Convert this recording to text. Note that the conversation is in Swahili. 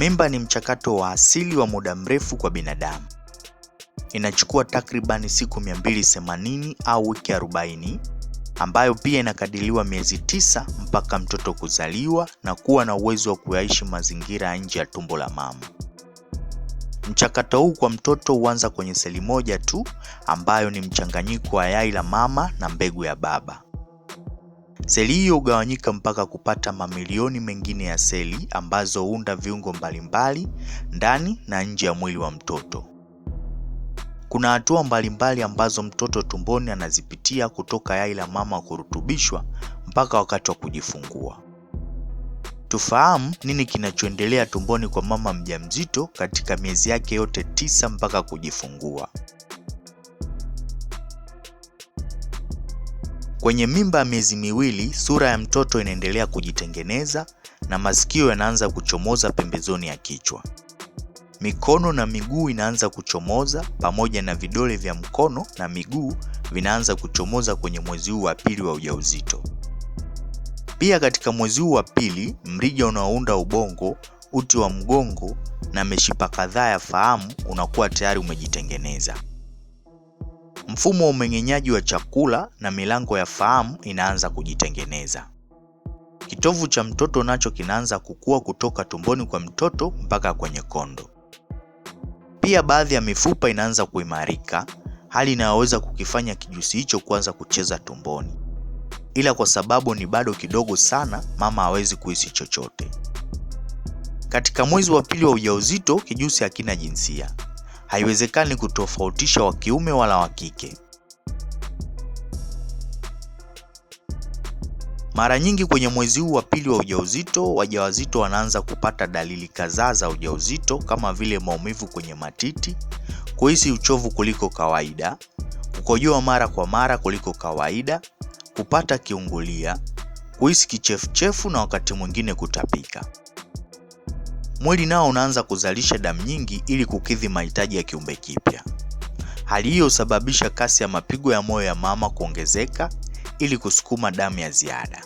Mimba ni mchakato wa asili wa muda mrefu kwa binadamu. Inachukua takribani siku 280 au wiki 40 ambayo pia inakadiriwa miezi tisa mpaka mtoto kuzaliwa na kuwa na uwezo wa kuyaishi mazingira ya nje ya tumbo la mama. Mchakato huu kwa mtoto huanza kwenye seli moja tu ambayo ni mchanganyiko wa yai la mama na mbegu ya baba. Seli hiyo hugawanyika mpaka kupata mamilioni mengine ya seli ambazo huunda viungo mbalimbali ndani na nje ya mwili wa mtoto. Kuna hatua mbalimbali ambazo mtoto tumboni anazipitia kutoka yai la mama kurutubishwa mpaka wakati wa kujifungua. Tufahamu nini kinachoendelea tumboni kwa mama mjamzito katika miezi yake yote tisa mpaka kujifungua. Kwenye mimba ya miezi miwili, sura ya mtoto inaendelea kujitengeneza na masikio yanaanza kuchomoza pembezoni ya kichwa. Mikono na miguu inaanza kuchomoza pamoja na vidole vya mkono na miguu vinaanza kuchomoza kwenye mwezi huu wa pili wa ujauzito. Pia katika mwezi huu wa pili, mrija unaounda ubongo, uti wa mgongo na mishipa kadhaa ya fahamu unakuwa tayari umejitengeneza. Mfumo wa umeng'enyaji wa chakula na milango ya fahamu inaanza kujitengeneza. Kitovu cha mtoto nacho kinaanza kukua kutoka tumboni kwa mtoto mpaka kwenye kondo. Pia baadhi ya mifupa inaanza kuimarika, hali inayoweza kukifanya kijusi hicho kuanza kucheza tumboni, ila kwa sababu ni bado kidogo sana, mama hawezi kuhisi chochote. Katika mwezi wa pili wa ujauzito, kijusi hakina jinsia haiwezekani kutofautisha wa kiume wala wa kike. Mara nyingi kwenye mwezi huu wa pili wa ujauzito, wajawazito wanaanza kupata dalili kadhaa za ujauzito kama vile maumivu kwenye matiti, kuhisi uchovu kuliko kawaida, kukojoa mara kwa mara kuliko kawaida, kupata kiungulia, kuhisi kichefuchefu na wakati mwingine kutapika mwili nao unaanza kuzalisha damu nyingi ili kukidhi mahitaji ya kiumbe kipya. Hali hiyo husababisha kasi ya mapigo ya moyo ya mama kuongezeka ili kusukuma damu ya ziada.